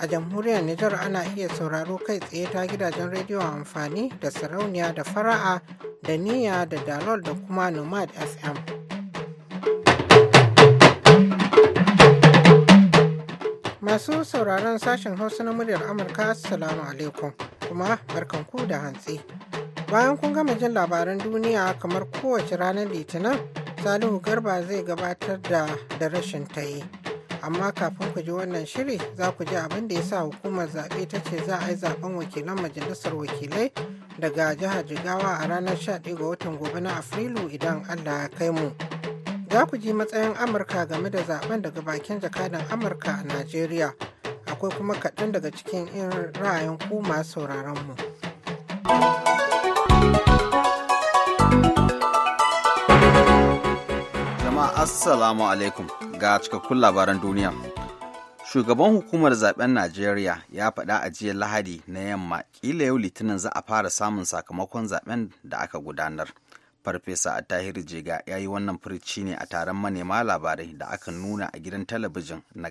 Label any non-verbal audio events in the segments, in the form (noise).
A jamhuriyar Nijar ana iya sauraro kai tsaye ta gidajen rediyo amfani da sarauniya da fara'a da niyya da dalol da kuma nomad FM. Masu sauraron sashen Hausa na muryar Amurka, Assalamu alaikum, kuma barkanku da hantsi. Bayan kun gama jin labaran duniya kamar kowace ranar Litinin, Salihu Garba zai gabatar da da rashin ta yi. amma kafin ku ji wannan shiri za ku ji abin da ya sa hukumar zaɓe ta ce za a yi zaɓen wakilan majalisar wakilai daga jihar jigawa a ranar 11 ga watan gobe na afrilu idan allah ya kai mu za ku ji matsayin amurka game da zaɓen daga bakin jakadan amurka a najeriya akwai kuma kaɗan daga cikin irin ra'ayin ku masu sauraron mu. jama'a assalamu alaikum ga cikakkun labaran duniya shugaban hukumar zaben najeriya ya faɗa a jiya lahadi na yamma kila yau litinin za a fara samun sakamakon zaben da aka gudanar farfesa a tahir jega ya yi wannan firci ne a taron manema labarai da aka nuna a gidan talabijin na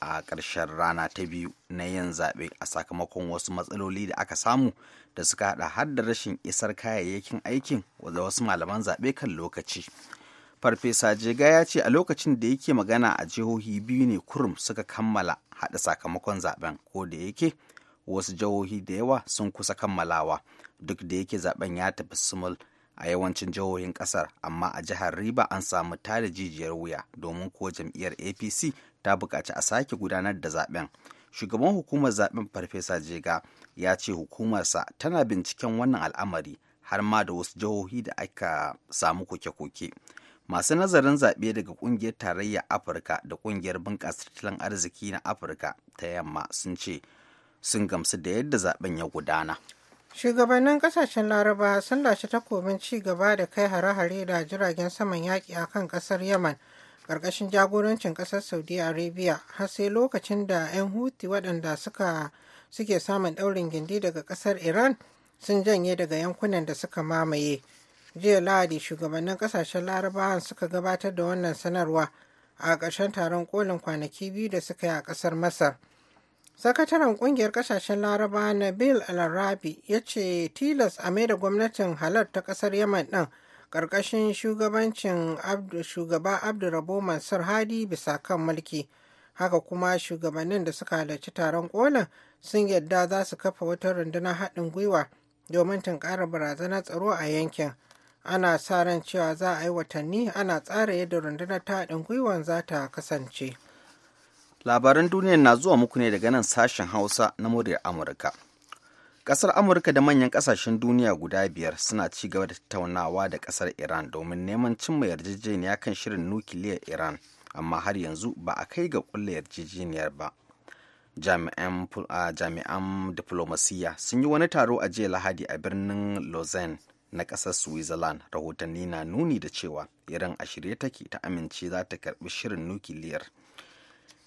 a ƙarshen rana ta biyu na yin zaɓe a sakamakon wasu matsaloli da aka samu da suka haɗa har da rashin isar kayayyakin aikin da wasu malaman zaɓe kan lokaci farfesa jega ya ce a lokacin da yake magana a jihohi biyu ne kurum suka kammala haɗa sakamakon zaben ko da yake wasu jihohi da yawa sun kusa kammalawa duk da yake zaben ya tafi sumul a yawancin jihohin ƙasar amma a jihar riba an samu tada jijiyar wuya domin ko jam'iyyar apc ta buƙaci a sake gudanar da zaben shugaban hukumar zaben farfesa jega ya ce hukumarsa tana binciken wannan al'amari har ma da wasu jihohi da aka samu koke-koke masu nazarin zaɓe daga ƙungiyar tarayyar afirka da ƙungiyar bunƙasa tattalin arziki na afirka ta yamma sun ce sun gamsu da yadda zaben ya gudana shugabannin ƙasashen laraba sun lashe takobin ci gaba da kai hare-hare da jiragen saman yaƙi a kan ƙasar yaman ƙarƙashin jagorancin ƙasar saudi arabia har sai lokacin da 'yan huti waɗanda suka suke samun ɗaurin gindi daga ƙasar iran sun janye daga yankunan da suka mamaye jiya lahadi shugabannin kasashen larabawan suka gabatar da wannan sanarwa a ƙarshen taron kolin kwanaki biyu da suka yi a ƙasar masar sakataren ƙungiyar ƙasashen larabawa na bill alarabi ya ce tilas a maida gwamnatin halar ta ƙasar yaman ɗin ƙarƙashin shugabancin shugaba abdurrabo mansur hadi bisa kan mulki haka kuma shugabannin da suka halarci taron kolin sun yadda za su kafa wata rundunar haɗin gwiwa domin tunkarar barazanar tsaro a yankin ana sa ran cewa za a yi watanni ana tsara yadda rundunar ta haɗin gwiwan za ta kasance labaran duniya na zuwa muku ne daga nan sashen hausa na muryar amurka Ƙasar amurka da manyan ƙasashen duniya guda biyar suna ci gaba da tattaunawa da ƙasar iran domin neman cimma yarjejeniya kan shirin nukiliyar iran amma har yanzu ba a kai ga ƙulla yarjejeniyar ba jami'an diflomasiyya sun yi wani taro a jiya lahadi a birnin lausanne na ƙasar switzerland rahotanni na nuni da cewa iran a shirye take ta amince za ta karbi shirin nukiliyar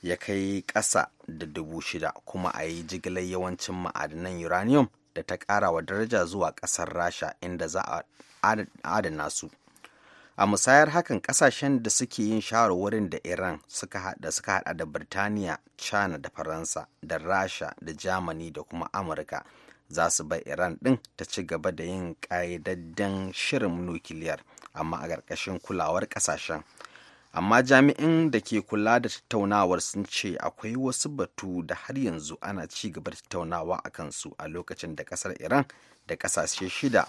ya kai ƙasa da dubu shida kuma a yi jigilar yawancin ma'adanan uranium da ta ƙara wa daraja zuwa ƙasar rasha inda za a adana su a musayar hakan ƙasashen da suke yin shawarwarin da iran da suka hada da birtaniya china da faransa da rasha da germany da kuma amurka za su bai iran ɗin ta ci gaba da yin ƙa'idadden shirin nukiliyar amma a ƙarƙashin kulawar ƙasashen amma jami'in da ke kula da tattaunawar sun ce akwai wasu batu da har yanzu ana ci gaba da tattaunawa a kansu a lokacin da ƙasar iran da ƙasashe shida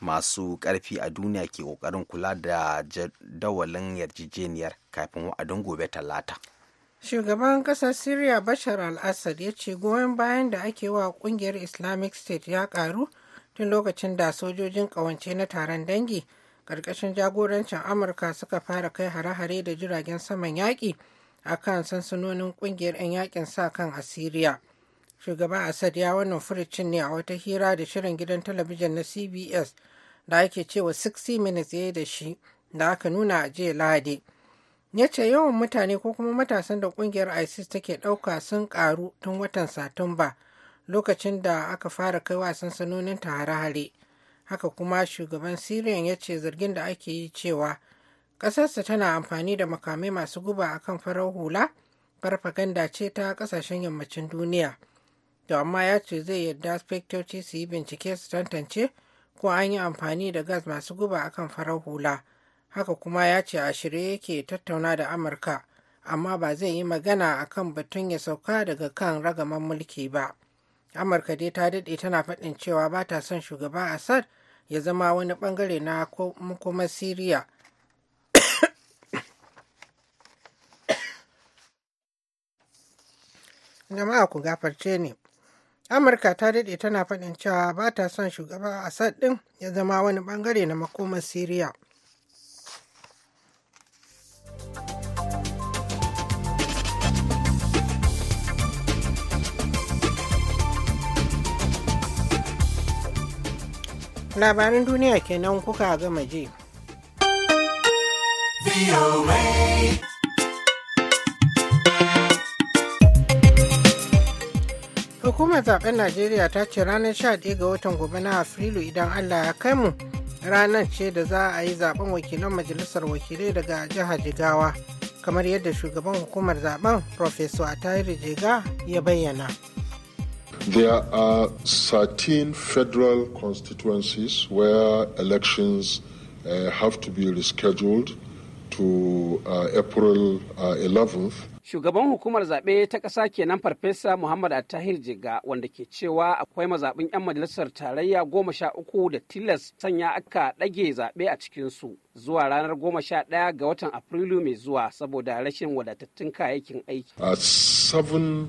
masu ƙarfi a duniya ke ƙoƙarin kula da jadawalin yarjejeniyar kafin wa'adin gobe talata Shugaban ƙasar Syria Bashar al-Assad ya ce goyon bayan da ake wa ƙungiyar Islamic State ya ƙaru tun lokacin da sojojin ƙawance na taron dangi ƙarƙashin jagorancin Amurka suka fara kai hare-hare da jiragen saman yaƙi a kan sansanonin ƙungiyar 'yan yaƙin sa kan assyria Shugaban Assad ya wannan furucin ne a wata hira da shirin gidan talabijin na CBS da ake cewa 60 Minutes ya da shi da aka nuna a jiya Lahadi. ya ce yawan mutane ko kuma matasan da kungiyar isis take dauka sun karu tun watan satumba lokacin da aka fara kaiwa sansanonin ta hare-hare haka kuma shugaban syrian ya ce zargin da ake yi cewa ƙasarsa tana amfani da makamai masu guba akan farar hula farfaganda ce ta ƙasashen yammacin duniya da amma ya ce zai yarda spektoci su yi bincike su tantance ko an yi amfani da gas masu guba akan farar hula. haka kuma ya ce a shirye yake tattauna da amurka amma ba zai yi magana a kan batun ya sauka daga kan ragaman mulki ba amurka dai ta daɗe tana faɗin cewa ba ta son shugaba assad ya zama wani ɓangare na kuma siriya (coughs) jama'a ku gafarce ne amurka ta daɗe tana faɗin cewa ba ta son shugaba assad ɗin ya zama wani ɓangare na makomar siriya labaran duniya kenan kuka gama je Hukumar zaben Najeriya ta ce ranar 11 ga watan gobe na Afrilu idan Allah ya kai mu ranar ce da za a yi zaben wakilan majalisar wakilai daga jihar Jigawa kamar yadda shugaban hukumar zaben Profesor Atayiri Jega ya bayyana. There are 13 federal constituencies where elections uh, have to be rescheduled to uh, April uh, 11th. Shugaban hukumar zaɓe ta ƙasa kenan Farfesa Muhammad Attahir Jiga wanda ke cewa akwai mazaɓin 'yan majalisar tarayya goma sha uku da tilas sanya aka ɗage zaɓe a cikinsu zuwa ranar goma sha ɗaya ga watan Afrilu mai zuwa saboda rashin wadatattun kayayyakin aiki. A uh, seven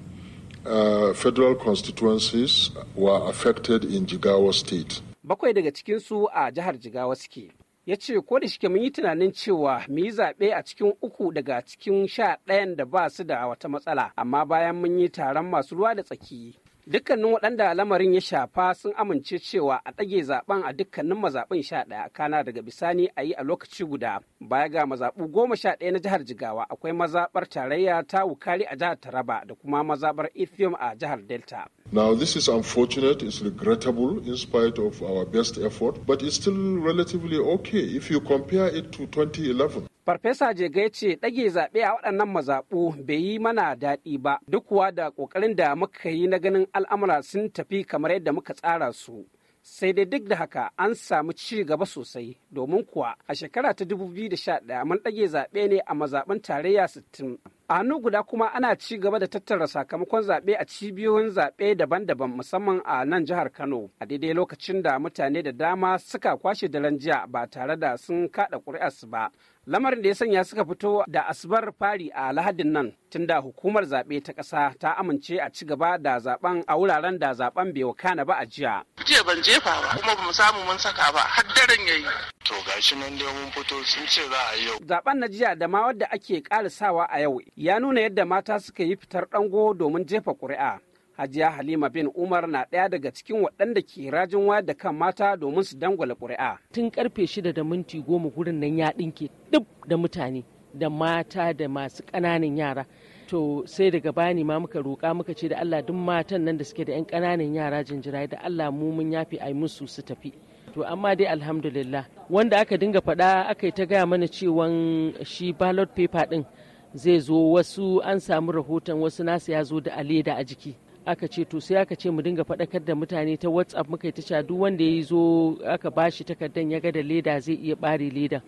Uh, federal constituencies were affected in Jigawa state. Bakwai daga cikin su a jihar Jigawa suke. Ya ce ko da shike mun yi tunanin cewa mu yi zaɓe a cikin uku daga cikin sha ɗayan da ba su da wata matsala, amma bayan mun yi taron masu ruwa da tsaki Dukkanin waɗanda lamarin ya shafa sun amince cewa a ɗage zaben a dukkanin mazaɓin sha ɗaya kana daga bisani a yi a lokaci guda. Baya ga mazaɓu goma sha ɗaya na jihar Jigawa akwai mazaɓar tarayya ta Wukari a jihar Taraba da kuma mazaɓar Ethium a jihar Delta. Now this is unfortunate, it's regrettable in spite of our best effort, but it's still relatively okay if you compare it to 2011. Farfesa Jegai ce ɗage zaɓe a waɗannan mazaɓu bai yi mana daɗi ba duk kuwa da ƙoƙarin da muka yi na ganin al'amura sun tafi kamar yadda muka tsara su. Sai dai duk da haka an samu ci gaba sosai domin kuwa a shekara ta 2011 mun ɗage zaɓe ne a mazaɓin tarayya 60. A hannu guda kuma ana ci gaba da tattara sakamakon zaɓe a cibiyoyin zaɓe daban-daban musamman a nan jihar Kano a daidai lokacin da mutane da dama suka kwashe daren jiya ba tare da sun kaɗa ƙuri'arsu ba. lamarin da ya sanya suka fito da asibar fari a lahadin nan tunda hukumar zaɓe ta ƙasa ta amince a ci gaba da zaɓen a wuraren da zaɓen bai wakana ba a jiya. jiya ban jefa ba kuma mu samu mun saka ba har daren yayi. to gashi nan dai mun fito sun ce za a yau. Zaɓen na jiya da ma wadda ake ƙarisawa a yau ya nuna yadda mata suka yi fitar ɗango domin jefa ƙuri'a. Hajiya Halima bin Umar na ɗaya daga cikin waɗanda ke rajin wayar da kan mata domin su dangwala ƙuri'a. Tun karfe shida da minti goma gurin nan ya ɗinke duk da mutane da mata da masu ƙananan yara. To sai daga bani ma muka roƙa muka ce da Allah duk matan nan da suke da 'yan ƙananan yara jinjirai da Allah mu mun yafe a musu su tafi. To amma dai alhamdulillah wanda aka dinga faɗa aka yi ta gaya mana cewan shi ballot paper ɗin zai zo wasu an samu rahoton wasu nasu ya zo da a leda a jiki. aka ce to sai aka ce mu dinga faɗakar da mutane ta whatsapp muka yi ta duk wanda ya zo aka ba shi takardar ya ga da leda zai iya bare ledan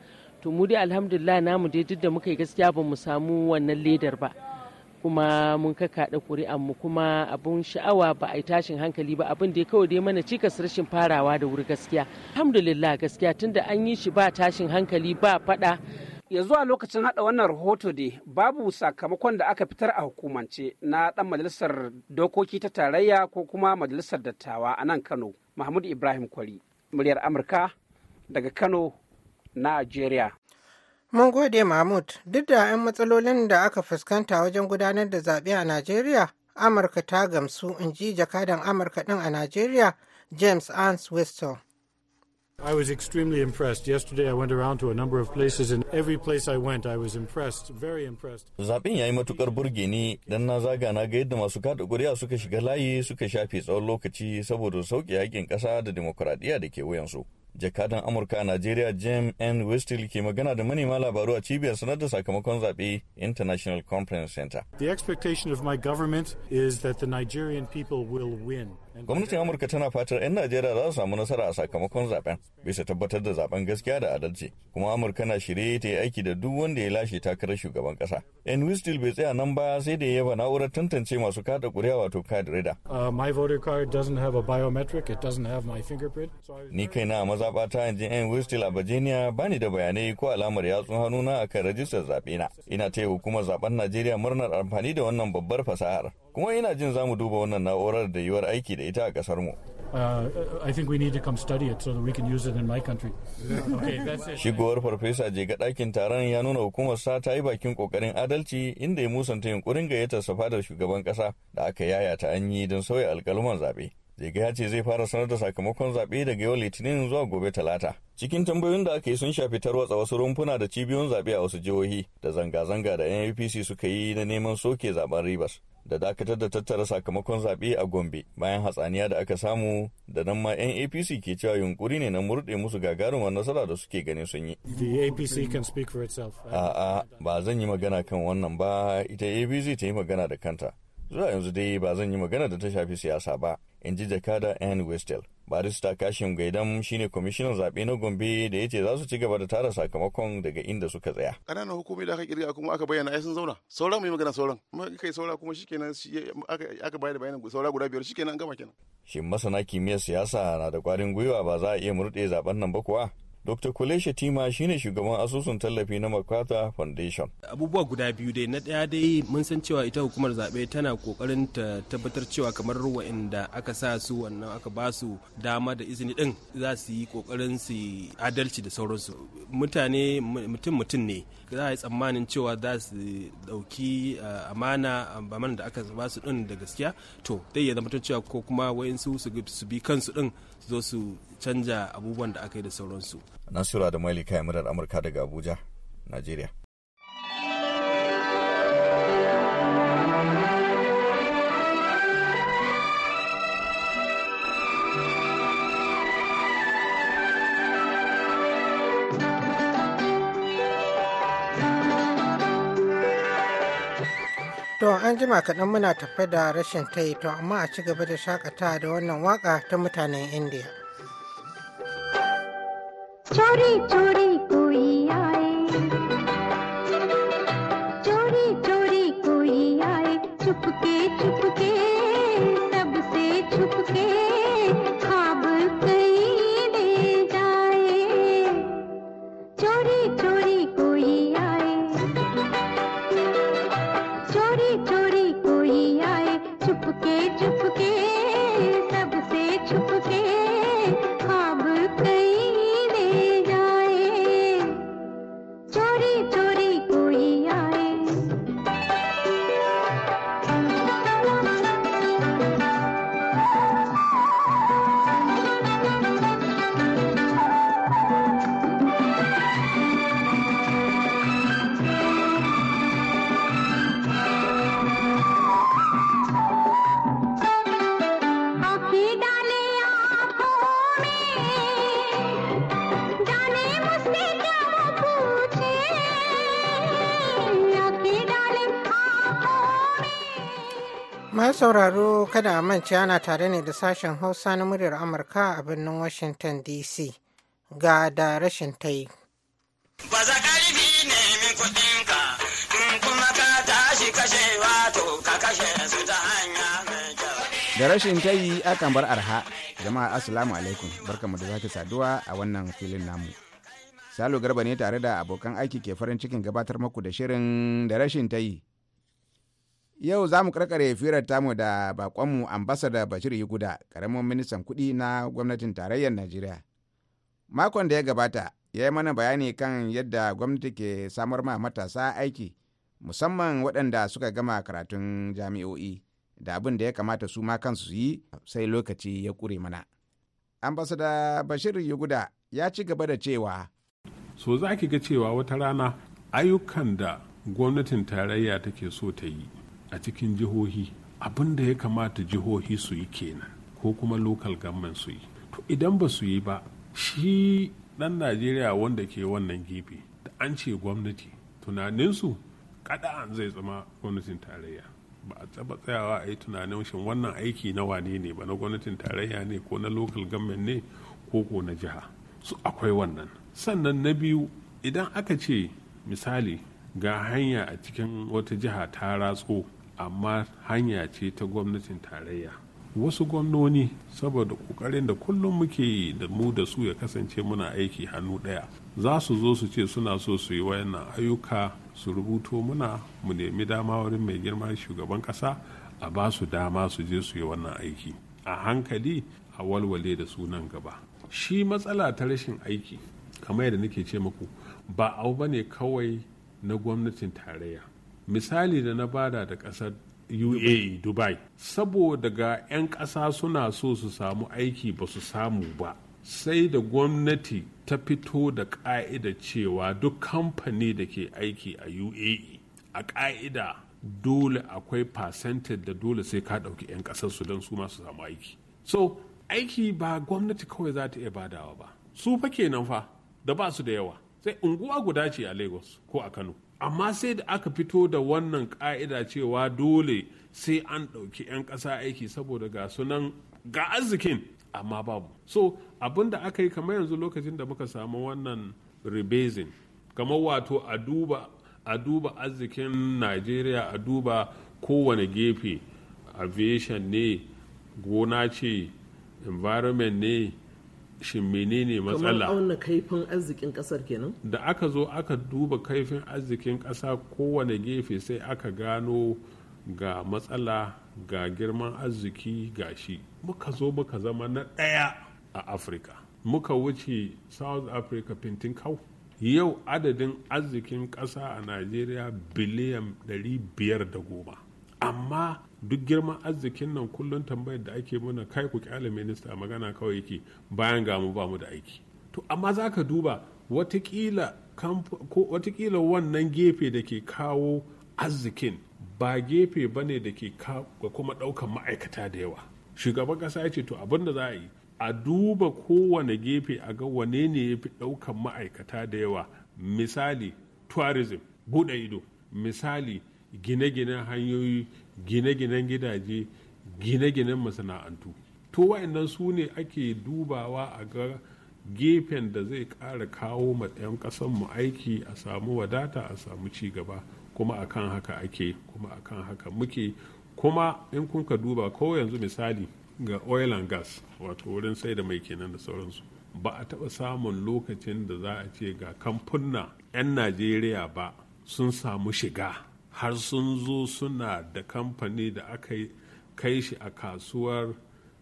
to mu dai alhamdulillah namu dai duk da muka yi gaskiya ba mu samu wannan ledar ba kuma mun kakaɗa ƙuri'an mu kuma abun sha'awa ba a yi tashin hankali ba abin da ya kawai dai mana cikas rashin farawa da wuri gaskiya alhamdulillah gaskiya tunda an yi shi ba tashin hankali ba faɗa ya zuwa lokacin hada wannan rahoto dai babu sakamakon da aka fitar a hukumance na dan majalisar dokoki ta tarayya ko kuma majalisar dattawa a nan kano mahmud ibrahim kwari muryar amurka daga kano nigeria mun gode mahmud duk da 'yan matsalolin da aka fuskanta wajen gudanar da zaɓe a najeriya amurka ta gamsu in ji jakadan amurka ɗin a najeriya james ans weston I was extremely impressed. Yesterday I went around to a number of places and every place I went I was impressed, very impressed. Zaben yayi matukar burge ni dan na zaga na ga yadda masu kada kuri'a suka shiga layi suka shafe tsawon lokaci saboda sauke yakin kasa da demokradiyya da ke wuyansu. Jakadan Amurka a Najeriya Jim N. Westil ke magana da manema labaru a cibiyar sanar da sakamakon zaɓe International Conference Center. The expectation of my government is that the Nigerian people will win. Gwamnatin Amurka tana fatar 'yan Najeriya za su samu nasara a sakamakon zaben bisa tabbatar da zaben gaskiya da adalci kuma Amurka na shirye ta yi aiki da duk wanda ya lashe takarar shugaban kasa. En Wistil bai tsaya nan baya sai da yaba na'urar tantance masu kada kuri'a wato card reader. Uh, my voter card have a biometric, it doesn't have my fingerprint. Ni kaina a mazaɓata yanzu En Wistil a Virginia bani da bayanai ko alamar yatsun hannuna akan rajistar zaɓe na. Ina taya hukumar zaben Najeriya murnar amfani da wannan babbar fasahar. kuma ina jin za mu duba wannan na'urar da yiwuwar aiki da ita a kasar mu I Shigowar farfesa je ga ɗakin taron ya nuna hukumar sa ta yi bakin kokarin adalci inda ya musanta yunkurin gayyatar sa fadar shugaban kasa da aka yaya ta an yi don sauya alƙaluman zaɓe. Jega ya ce zai fara sanar da sakamakon zaɓe daga yau Litinin zuwa gobe Talata. Cikin tambayoyin da aka yi sun shafi tarwatsa wasu rumfuna da cibiyoyin zaɓe a wasu jihohi da zanga-zanga da NAPC suka yi na neman soke zaɓen Rivers. da dakatar da tattara sakamakon zaɓe a Gombe bayan hatsaniya da aka samu da nan ma 'yan APC ke cewa yunkuri ne na murɗe musu gagarumar nasara da suke ganin sun yi. A'a, ba zan yi magana kan wannan ba, ita APC ta yi magana da kanta. Zuwa yanzu dai ba zan yi magana da ta shafi siyasa ba. in ji jakada anne Westel. Barista kashin gaidan shine kwamishinan zaɓe na Gombe da ya ce za su ci gaba da tara sakamakon daga inda suka tsaya. Ƙananan hukumi da aka kirga kuma aka bayyana ai sun zauna. Sauran mai magana sauran. kai saura kuma shikenan aka bayar da bayanan saura guda biyar shikenan an gama kenan. Shin masana kimiyyar siyasa na da kwarin gwiwa ba za a iya murɗe zaben nan ba kuwa? Dr. Kule Shatima shine shugaban asusun tallafi na Makwata Foundation. Abubuwa guda biyu dai na daya dai mun san cewa ita hukumar zaɓe tana kokarin ta tabbatar cewa kamar waanda aka sa su wannan aka ba su dama da izini din za su yi kokarin su adalci da sauransu. Mutane mutum mutum ne za a yi tsammanin cewa za su ɗauki eh, amana eh, amana da aka ba su din da gaskiya to dai ya zama cewa ko kuma wayansu su bi kansu ɗin su zo su canja abubuwan da aka yi da sauransu. Nasura da Malika ya murar Amurka daga Abuja, Najeriya. To an jima kaɗan muna tafe da rashin tai to amma a ci gaba da shakata da wannan waka ta mutanen Indiya. चोरी चोरी कोई आए चोरी चोरी कोई आए छुपके छुपके सबसे छुपके Masu sauraro kada a manci ana tare ne da sashen Hausa na muryar Amurka a birnin Washington DC ga da rashin ta yi. ƙarfi kuma ka tashi kashe wato ka kashe su ta hanya Da rashin ta yi akan bar arha, jama'a asalamu alaikum, barkamu da zaki saduwa a wannan filin namu. Salo Garba ne tare da abokan aiki ke farin cikin gabatar maku da shirin da rashin ta yi. Yau za mu karkare firar tamu da bakonmu ambasada Bashir Yuguda, karamin ministan kudi na gwamnatin tarayyar Najeriya. Makon da ya gabata, ya yi mana bayani kan yadda gwamnati ke samar ma matasa aiki, musamman waɗanda suka gama karatun jami'o'i, da abin da ya kamata su ma kansu su yi sai lokaci ya ƙure mana. Ambasada Bashir Yuguda ya ci gaba da cewa. So za ki ga cewa wata rana ayyukan da gwamnatin tarayya take so ta yi a cikin jihohi abin da ya kamata jihohi su yi kenan ko kuma local government su yi to idan ba su yi ba shi dan najeriya wanda ke wannan gefe da an ce gwamnati tunaninsu kada'an zai zama gwamnatin tarayya ba a taba tsayawa a yi tunanin shin wannan aiki na wane ne ba na gwamnatin tarayya ne ko na local government ne ko ko na jiha su akwai wannan sannan na biyu idan aka ce misali ga hanya a cikin wata jiha ta ratso amma hanya ce ta gwamnatin tarayya wasu gwamnoni saboda kokarin da kullum muke yi da mu da su ya kasance muna aiki hannu ɗaya za su zo su ce suna so su yi wayannan ayyuka su rubuto muna mu nemi dama wurin mai girma shugaban ƙasa a ba su dama su je su yi wannan aiki a hankali a walwale da sunan gaba shi matsala ta rashin aiki kamar yadda nake ce muku ba abu ne kawai na gwamnatin tarayya misali da na bada da ƙasar uae dubai saboda ga 'yan ƙasa suna so su samu aiki ba su samu ba sai da gwamnati ta fito da ƙa'ida cewa duk kamfani da ke aiki a uae a ƙa'ida dole akwai percentage da dole sai ka ɗauki 'yan kasar su don su masu samu aiki so aiki ba gwamnati kawai za ta iya badawa ba su fa kenan fa da ba su da yawa sai unguwa guda ce a lagos ko a kano amma sai da aka fito da wannan ka'ida cewa dole sai an ɗauki 'yan ƙasa aiki saboda ga sunan ga arzikin amma babu so abin da aka yi kamar yanzu lokacin da muka samu wannan rebasing kamar wato a duba arzikin nigeria a duba kowane gefe aviation ne gona ce environment ne shin menene matsala kamar auna kaifin arzikin kasar kenan da aka zo aka duba kaifin arzikin kasa kowane gefe sai aka gano ga matsala ga girman arziki ga shi muka zo muka zama na ɗaya a afirka muka wuce south africa fintin kau yau adadin arzikin ƙasa a nigeria biliyan 510 amma duk girman arzikin nan kullum tambayar da ake mana kai ku kyale minista magana kawai yake bayan ga mu ba mu da aiki to amma za ka duba watakila wannan gefe da ke kawo arzikin ba gefe ba ne da ke kuma ɗaukan ma'aikata da yawa shugaban ƙasa ya ce to abin da za a yi a duba kowane gefe a ga wane ne ya fi ɗaukan ma'aikata da yawa misali tourism buɗe ido misali gine-ginen hanyoyi gine-ginen gidaje gine-ginen masana'antu to wa'annan su ne ake dubawa a ga gefen da zai ƙara kawo matsayin mu aiki a samu wadata a samu ci gaba kuma akan haka ake kuma akan haka muke kuma in kun ka duba ko yanzu misali ga oil and gas wato wurin sai da mai kenan da sauransu ba a taɓa samun lokacin da za a ce ga kamfuna 'yan najeriya ba sun samu shiga har sun zo suna da kamfani da aka kai shi a kasuwar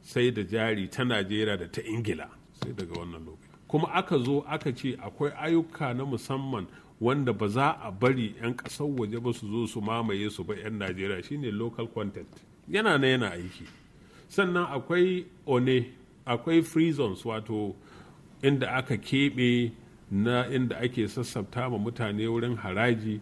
sai da jari ta najeriya da ta ingila sai daga wannan lokaci kuma aka zo aka ce akwai ayyuka na musamman wanda ba za a bari 'yan ƙasar waje ba su zo su mamaye su ba 'yan najeriya shine local content yana na yana aiki sannan akwai one akwai free zones wato inda aka keɓe na inda ake sassabta ma mutane wurin haraji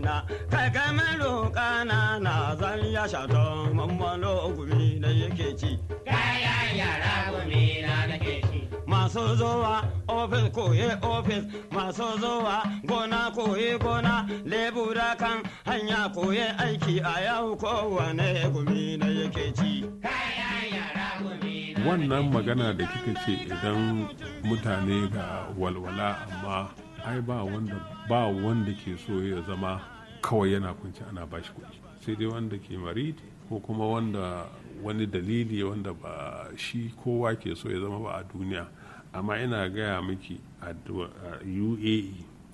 na kaga kana na zan ya shato mammalo gumi na yake ci kaya yara gumi na nake ci masu zowa ofis koye ofis masu zowa gona koye gona lebura kan hanya koye aiki a yau kowane gumi na yake ci wannan magana da kika ce idan mutane ga walwala amma ai ba wanda ba wanda ke so ya zama kawai yana kunci ana bashi kuɗi sai dai wanda ke marid ko kuma wanda wani dalili wanda ba shi kowa ke so ya zama ba a duniya amma ina gaya miki a uae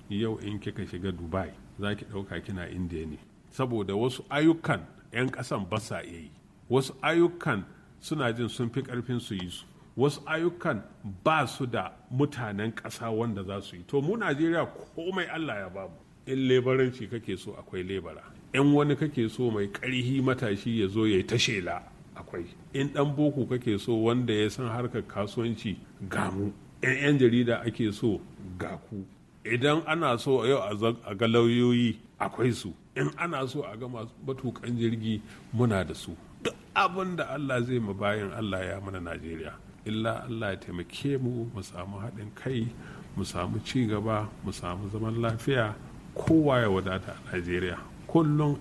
yau in kika shiga dubai za ki ɗauka kina indiya ne saboda wasu ayyukan 'yan ƙasan basa sa yi wasu ayyukan suna jin sun fi ƙarfin su yi su wasu ayyukan ba su da mutanen ƙasa wanda za su yi to mu najeriya komai allah ya bamu in lebaranci kake so akwai lebara in wani kake so mai ƙarhi matashi ya zo ya yi ta shela akwai in ɗan boko kake so wanda ya san harkar kasuwanci ga mu in 'yan jarida ake so ga ku idan ana so a yau a ga lauyoyi akwai su in ana so a ga masu matukan jirgi muna da su duk abin da allah zai ma bayan allah ya mana najeriya illa allah ya taimake mu mu samu haɗin kai mu samu ci gaba mu samu zaman lafiya kowa ya wadata a najeriya kullum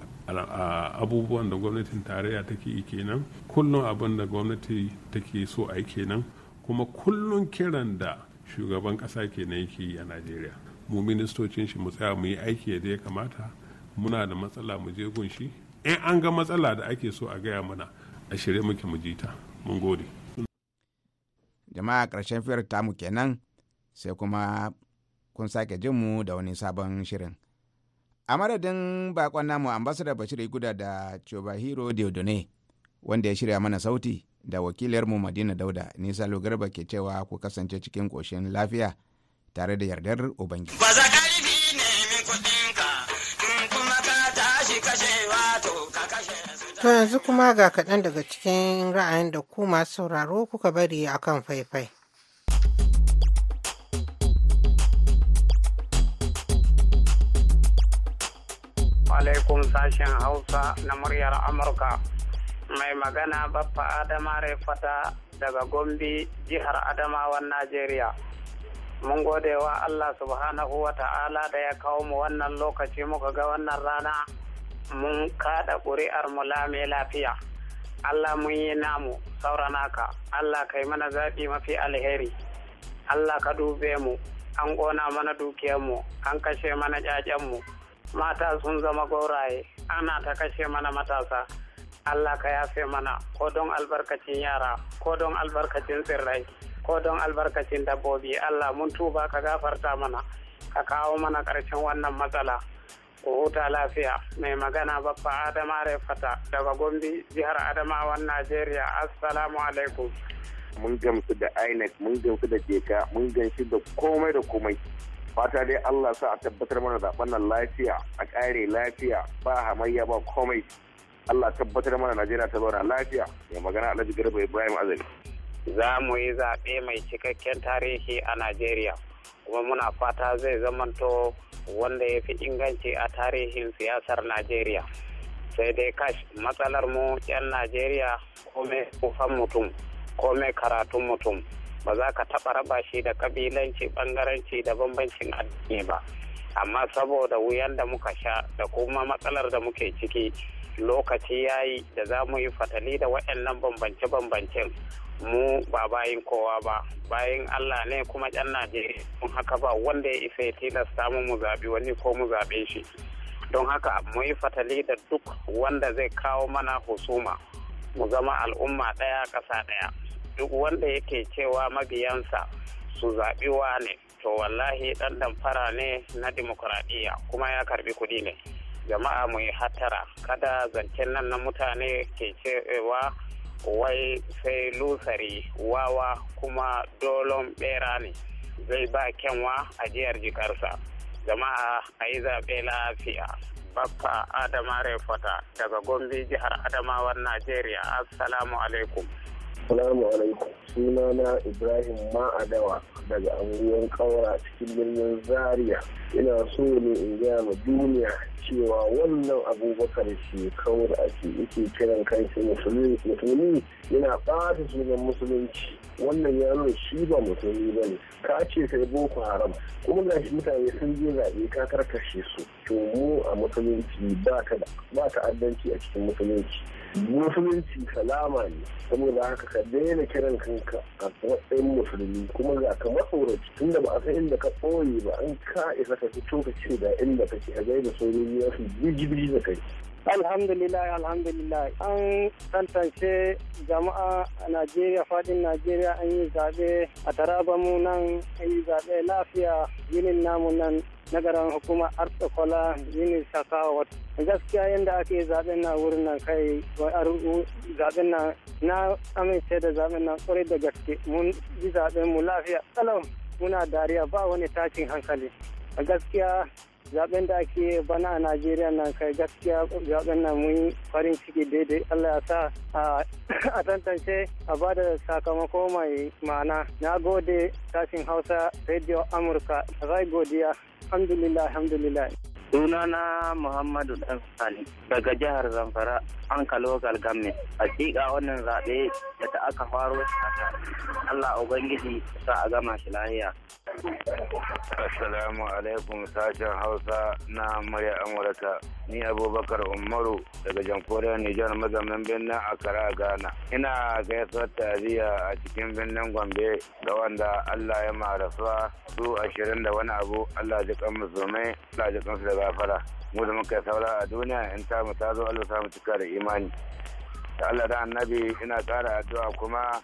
abubuwan da gwamnatin tarayya take yi kenan kullum abin da gwamnati take so a yi kenan kuma kullum kiran da shugaban ƙasa kenan yake yi a najeriya mu ministocin shi mu tsaya mu yi aiki yadda ya kamata muna da matsala mu je gunshi in an ga matsala da ake so a gaya mana a shirye muke mu ji ta mun gode jama'a ƙarshen fiyar tamu kenan sai kuma kun sake jin mu da wani sabon shirin a madadin bakon namu ambasada bashir guda da chobahiro deodone wanda ya shirya mana sauti da wakilarmu madina dauda nisa garba ke cewa ku kasance cikin ƙoshin lafiya tare da yardar ubangiji. Ba za ne min kuma ka tashi kashewa To yanzu kuma ga kaɗan daga cikin ra'ayin da ku masu sauraro kuka bari a kan faifai. Alaikum sashen Hausa na muryar Amurka. Mai magana Baffa Adama Refata daga Gombe, jihar Adamawan Najeriya. Mun gode wa Allah subhanahu wa ta'ala da ya kawo mu wannan lokaci muka ga wannan rana. mun kaɗa ƙuri'ar mu lame lafiya Allah mun yi namu sauranaka Allah kai mana zaɓi mafi alheri Allah ka dube mu an ƙona mana mu. an kashe mana mu mata sun zama gauraye ana ta kashe mana matasa Allah ka yafe mana ko don albarkacin yara ko don albarkacin tsirrai ko don albarkacin dabbobi Allah mun tuba ka gafarta mana ka kawo mana ƙarshen wannan matsala huta lafiya mai magana baffa adama fata daga gombe jihar adamawan najeriya assalamu alaikum mun gamsu da inec mun gamsu da jeka mun gamsu da komai da komai fata dai allah sa a tabbatar mana zaben nan lafiya a ƙare lafiya ba hamayya ba komai allah tabbatar mana najeriya ta zauna lafiya mai magana alhaji garba ibrahim azali za mu yi zaɓe mai cikakken tarihi a najeriya kuma muna fata zai zamanto wanda ya fi inganci a tarihin siyasar najeriya sai dai kash matsalar mu 'yan najeriya kome kufan mutum mai karatun mutum ba za ka taɓa raba shi da ƙabilanci bangaranci da bambancin addini ba amma saboda wuyan da muka sha da kuma matsalar da muke ciki lokaci ya yi da za mu yi fatali da waɗannan bambance-bambancen mu ba bayin kowa ba bayan Allah ne kuma ɗan Najeriya don haka ba wanda ya isa ya tilasta mu mu zaɓi wani ko mu zaɓe shi don haka mu yi fatali da duk wanda zai kawo mana husuma mu zama al'umma ɗaya ƙasa ɗaya duk wanda yake cewa mabiyansa su zaɓi ne to wallahi ɗan damfara ne na dimokuraɗiyya kuma ya karɓi kuɗi ne. jama'a mu yi hatara kada zancen nan na mutane ke cewa wai sai lusari wawa kuma dolon bera ne zai ba kyanwa ajiyar jikarsa jama'a a yi zaɓe lafiya bakka adama refata daga gombe jihar adamawan najeriya assalamu alaikum Salamu alaikum. suna na Ibrahim Ma'adawa daga anguwar Kaura cikin birnin Zaria. Ina so ne in gaya ma duniya cewa wannan abubakar kawo da ake yake kiran kansa musulmi yana ɓata sunan musulunci. Wannan ya nuna shi ba musulmi ba ne. Ka ce kai Boko Haram. Kuma ga shi mutane sun je zaɓe ka karkashe su. To mu a musulunci ba ta addanci a cikin musulunci. musulunci salama ne saboda haka ka daina kiran kanka a matsayin musulmi kuma ga ka matsoraci tunda ba a san inda ka ɓoye ba an ka isa ka fito ka ce da inda kaki a gaida sojoji ya fi bijibiji da kai alhamdulillah alhamdulillah an tantance jama'a a najeriya fadin najeriya an yi zaɓe a taraba mu nan an yi zaɓe lafiya yinin namu nan na garin hukumar yinin shakawa gaskiya yadda ake yi zaben na wurin nan kai zaben na na amince da zaben na kwarai da gaske mun ji zaben mu lafiya tsalau muna dariya ba wani tashin hankali a gaskiya zaben da ake bana a najeriya na kai gaskiya zaben na mun farin ciki daidai allah ya sa a tantance a ba da sakamako mai ma'ana na gode tashin hausa radio amurka rai godiya alhamdulillah alhamdulillah sunana muhammadu dan sani daga jihar zamfara an local government hakika wannan zaɓe da ta aka faro allah ubangiji sa a gama shi lahiya assalamu alaikum sashen hausa na murya amurka ni abubakar umaru daga jamhuriyar nijar mazamin birnin akara a ghana ina gaisuwar tariya a cikin birnin gombe ga wanda allah ya marasa su ashirin da wani abu allah jikan musulmai allah jikan su da gafara mu da muka saura a duniya in ta mu ta zo allah samu cika da imani da allah da annabi ina kara addu'a kuma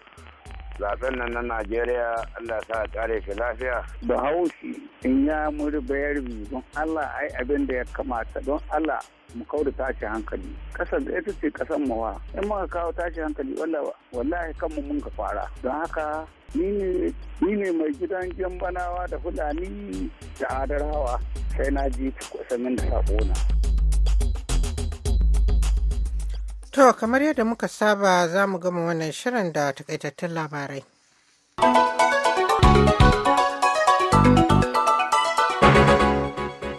zaben nan na Najeriya Allah sa kare shi lafiya. Da haushi in ya muri bayar don Allah ai abin da ya kamata don Allah mu kawo da tashi hankali kasar da ita ce kasan mawa in muka kawo tashi hankali wallahi kanmu mun ka fara don haka ni ne mai gidan jambanawa da fulani da adarawa sai na ji min da sakona. To, kamar yadda muka saba za mu gama wannan shirin da takaitattun labarai.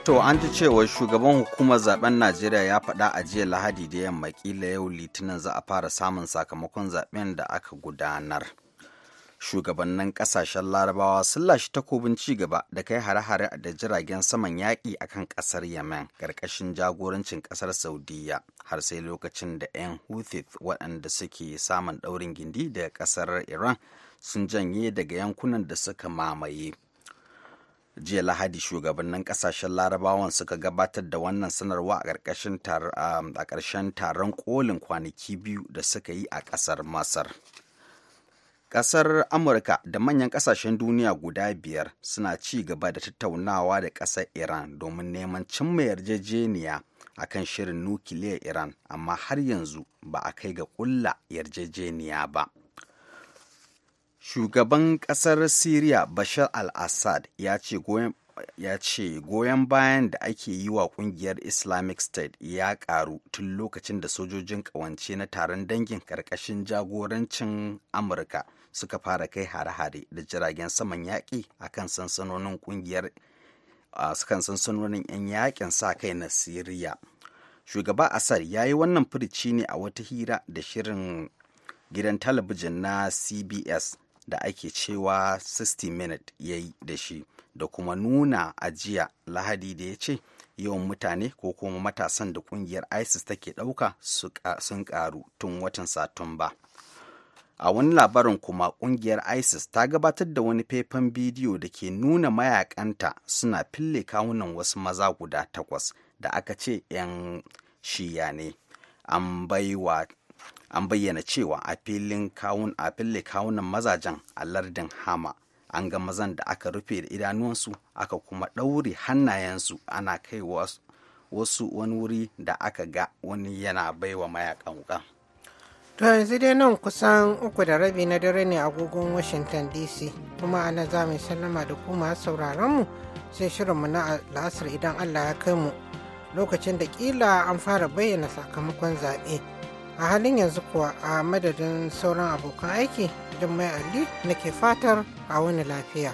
To, an ji cewa shugaban hukumar zaben Najeriya ya faɗa a jiya Lahadi da yamma kila yau Litinin za a fara samun sakamakon zaben da aka gudanar. shugabannin kasashen larabawa sun lashe takobin ci gaba da kai hare-hare da jiragen saman yaƙi a kan ƙasar yemen ƙarƙashin jagorancin ƙasar saudiyya har sai lokacin da 'yan houthis waɗanda suke samun ɗaurin gindi daga ƙasar iran sun janye daga yankunan da suka mamaye jiya lahadi shugabannin kasashen larabawan suka gabatar da wannan sanarwa a ƙarshen taron kolin kwanaki biyu da suka yi a ƙasar masar Ƙasar Amurka da manyan ƙasashen duniya guda biyar suna ci gaba da tattaunawa da ƙasar Iran domin neman cimma yarjejeniya a kan shirin nukiliyar Iran, amma har yanzu ba a kai ga ƙulla yarjejeniya ba. Shugaban ƙasar syria Bashar al-Assad ya ce goyon bayan da ake yi wa kungiyar islamic state ya ƙaru tun lokacin da sojojin ƙawance na taron dangin ƙarƙashin jagorancin amurka suka fara kai hare-hare da jiragen saman yaƙi a kan sansanonin ƙungiyar a kan sansanonin 'yan yaƙin sa kai na siriya shugaba asar ya yi wannan furici ne a wata hira da shirin gidan talabijin na cbs da ake cewa 60 minute ya yi da shi da kuma nuna ajiya lahadi da ya ce yawan mutane ko kuma matasan da kungiyar isis take ɗauka sun ƙaru tun watan satumba a wani labarin kuma kungiyar isis ta gabatar da wani faifan bidiyo da ke nuna mayakanta suna fille kawunan wasu maza guda takwas da aka ce 'yan shiya ne an bayyana cewa a filin fille kawunan mazajen a lardin hama an ga mazan da aka rufe da idanuwansu aka kuma ɗaure hannayensu ana kai wasu wani wuri da aka ga wani yana baiwa mayakan wuƙa. To yanzu dai nan kusan uku da rabi na dare ne agogon Washington DC kuma ana za mu sallama da ku masu sauraronmu sai mu na la'asar idan Allah ya kai mu lokacin da kila an fara bayyana sakamakon zaɓe. A halin yanzu kuwa a madadin sauran abokan aiki, mai Ali nake fatar a wani lafiya.